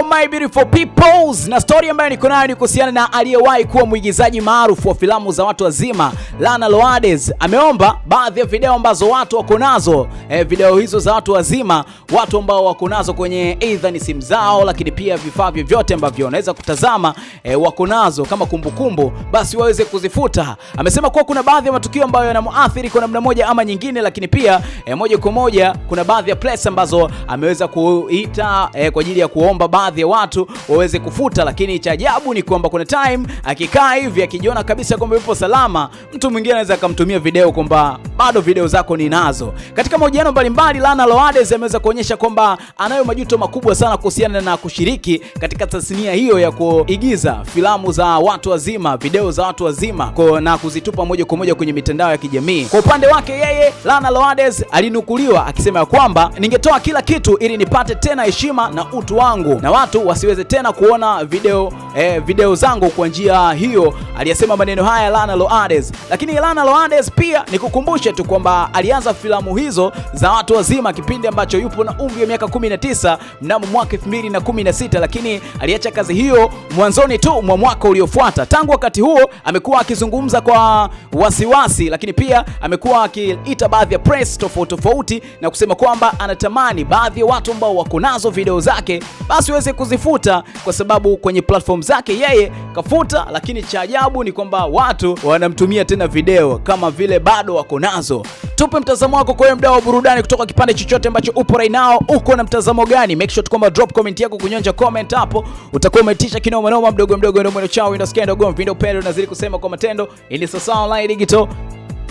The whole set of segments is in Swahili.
Hello my beautiful peoples, na story ambayo niko nayo ni kuhusiana na aliyewahi kuwa mwigizaji maarufu wa filamu za watu wazima Lana Loades. Ameomba baadhi ya video ambazo watu wako nazo eh, video hizo za watu wazima, watu ambao wako nazo kwenye either ni simu zao, lakini pia vifaa vyovyote ambavyo wanaweza kutazama eh, wako nazo kama kumbukumbu kumbu, basi waweze kuzifuta. Amesema kuwa kuna baadhi ya matukio ambayo yanamuathiri kwa namna moja ama nyingine, lakini pia eh, moja kwa moja kuna baadhi ya place ambazo ameweza kuita eh, kwa ajili ya kuomba baadhi baadhi ya watu waweze kufuta, lakini cha ajabu ni kwamba kuna time akikaa hivi akijiona kabisa kwamba yupo salama, mtu mwingine anaweza akamtumia video kwamba bado video zako ninazo. Katika mahojiano mbalimbali, Lana Loades ameweza kuonyesha kwamba anayo majuto makubwa sana kuhusiana na kushiriki katika tasnia hiyo ya kuigiza filamu za watu wazima, video za watu wazima na kuzitupa moja kwa moja kwenye mitandao ya kijamii. Kwa upande wake yeye, Lana Loades alinukuliwa akisema ya kwamba ningetoa kila kitu ili nipate tena heshima na utu wangu na watu wasiweze tena kuona video eh, video zangu kwa njia hiyo. Aliyasema maneno haya Lana Loades, lakini Lana Loades pia nikukumbusha nikumbushe tu kwamba alianza filamu hizo za watu wazima kipindi ambacho yupo na umri wa miaka 19 mnamo mwaka 2016, lakini aliacha kazi hiyo mwanzoni tu mwa mwaka uliofuata. Tangu wakati huo amekuwa akizungumza kwa wasiwasi, lakini pia amekuwa akiita baadhi ya press tofauti tofauti na kusema kwamba anatamani baadhi ya watu ambao wako nazo video zake basi waweze kuzifuta, kwa sababu kwenye platform zake yeye kafuta, lakini cha ajabu ni kwamba watu wanamtumia tena video kama vile bado wako nazo nazo. Tupe mtazamo wako kwa mdao wa burudani kutoka kipande chochote ambacho upo right now, uko na mtazamo gani? Make sure tukomba drop comment yako kunyonja comment hapo, utakuwa umetisha kinoma noma. Mdogo mdogo ndio mwendo chao, ndio gomvi, ndio upendo nazidi kusema kwa matendo, ili sasa online digital.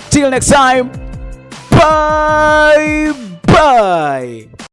Till next time, bye bye.